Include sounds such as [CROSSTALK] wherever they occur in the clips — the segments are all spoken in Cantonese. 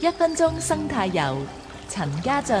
一分鐘生態遊，陳家俊。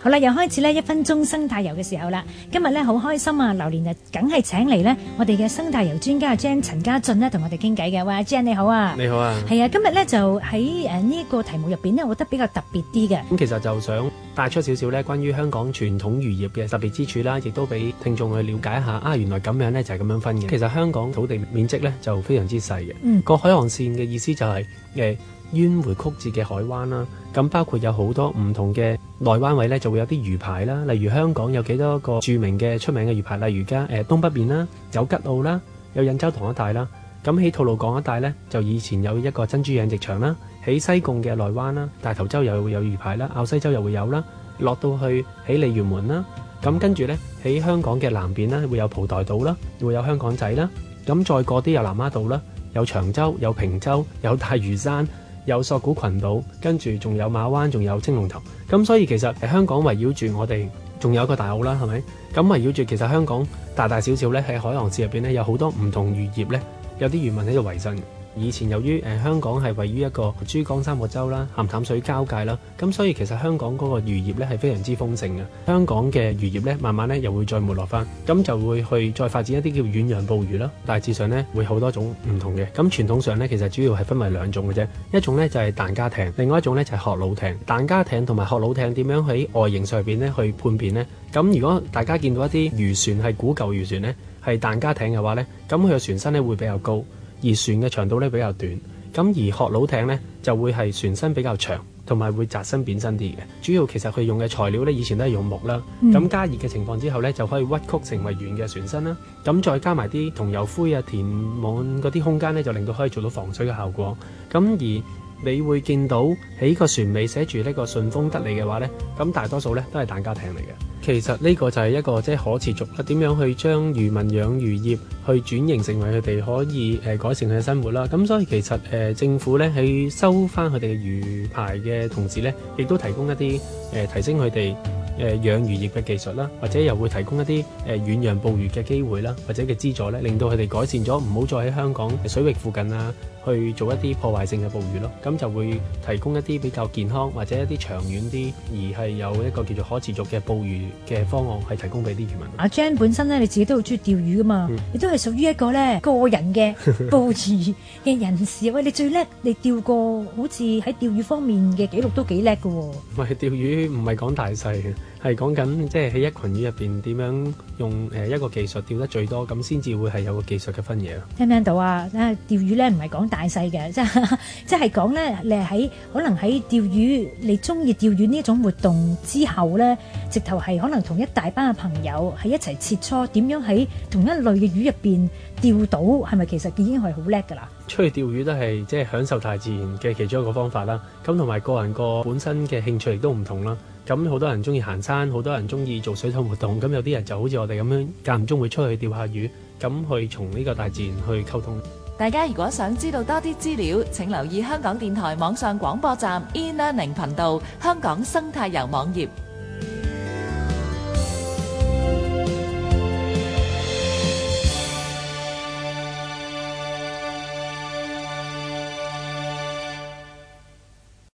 好啦，又開始咧。一分鐘生態遊嘅時候啦，今日咧好開心啊！流年日，梗係請嚟咧，我哋嘅生態遊專家阿 Jean 陳家俊咧同我哋傾偈嘅。喂，阿 Jean 你好啊！你好啊！係啊，今日咧就喺誒呢個題目入邊咧，我覺得比較特別啲嘅。咁其實就想帶出少少咧，關於香港傳統漁業嘅特別之處啦，亦都俾聽眾去了解一下啊。原來咁樣咧就係咁樣分嘅。其實香港土地面積咧就非常之細嘅。嗯，個海岸線嘅意思就係誒。迂回曲折嘅海灣啦，咁包括有好多唔同嘅內灣位咧，就會有啲魚排啦。例如香港有幾多個著名嘅出名嘅魚排，例如而家誒東北邊啦，有吉澳啦，有印洲塘一帶啦。咁喺吐露港一帶咧，就以前有一個珍珠養殖場啦。喺西貢嘅內灣啦，大頭洲又會有魚排啦，澳西洲又會有啦。落到去喺鯉魚門啦，咁跟住咧喺香港嘅南邊啦，會有蒲台島啦，會有香港仔啦。咁再過啲有南丫島啦，有長洲，有坪洲，有大嶼山。有索罟群島，跟住仲有馬灣，仲有青龍頭，咁所以其實喺香港圍繞住我哋，仲有一個大澳啦，係咪？咁圍繞住其實香港大大小小咧，喺海洋市入邊咧，有好多唔同漁業咧，有啲漁民喺度維生。以前由於誒、呃、香港係位於一個珠江三角洲啦，鹹淡水交界啦，咁所以其實香港嗰個漁業咧係非常之豐盛嘅。香港嘅漁業咧，慢慢咧又會再沒落翻，咁就會去再發展一啲叫遠洋捕魚啦。大致上咧會好多種唔同嘅。咁傳統上咧其實主要係分為兩種嘅啫，一種咧就係、是、彈家艇，另外一種咧就係學佬艇。彈家艇同埋學佬艇點樣喺外形上邊咧去判別呢？咁如果大家見到一啲漁船係古舊漁船咧，係彈家艇嘅話咧，咁佢嘅船身咧會比較高。而船嘅長度咧比較短，咁而殼佬艇咧就會係船身比較長，同埋會窄身扁身啲嘅。主要其實佢用嘅材料咧以前都係用木啦，咁、嗯、加熱嘅情況之後咧就可以屈曲成為圓嘅船身啦。咁再加埋啲桐油灰啊，填滿嗰啲空間咧，就令到可以做到防水嘅效果。咁而你會見到喺個船尾寫住呢個順風得利嘅話呢，咁大多數咧都係疍家艇嚟嘅。其實呢個就係一個即係、就是、可持續啦。點樣去將漁民養魚業去轉型成為佢哋可以誒、呃、改善佢嘅生活啦？咁所以其實誒、呃、政府呢，喺收翻佢哋嘅漁牌嘅同時呢，亦都提供一啲誒、呃、提升佢哋。誒養魚業嘅技術啦，或者又會提供一啲誒遠洋捕魚嘅機會啦，或者嘅資助咧，令到佢哋改善咗，唔好再喺香港水域附近啊，去做一啲破壞性嘅捕魚咯。咁就會提供一啲比較健康或者一啲長遠啲，而係有一個叫做可持續嘅捕魚嘅方案，係提供俾啲漁民。阿 Gem 本身咧，你自己都好中意釣魚噶嘛，嗯、 [LAUGHS] 你都係屬於一個咧個人嘅捕魚嘅人士。喂，你最叻，你釣過好似喺釣魚方面嘅記錄都幾叻噶喎。唔係釣魚唔係講大細嘅。ias 係講緊即係喺一群魚入邊，點樣用誒一個技術釣得最多，咁先至會係有個技術嘅分野咯。聽唔聽到啊？啊，釣魚咧，唔係講大細嘅，即係即係講咧你喺可能喺釣魚，你中意釣魚呢種活動之後咧，直頭係可能同一大班嘅朋友喺一齊切磋點樣喺同一類嘅魚入邊。釣到係咪其實已經係好叻㗎啦？出去釣魚都係即係享受大自然嘅其中一個方法啦。咁同埋個人個本身嘅興趣亦都唔同啦。咁好多人中意行山，好多人中意做水上活動。咁有啲人就好似我哋咁樣間唔中會出去釣下魚，咁去從呢個大自然去溝通。大家如果想知道多啲資料，請留意香港電台網上廣播站 In Learning 頻道香港生態遊網頁。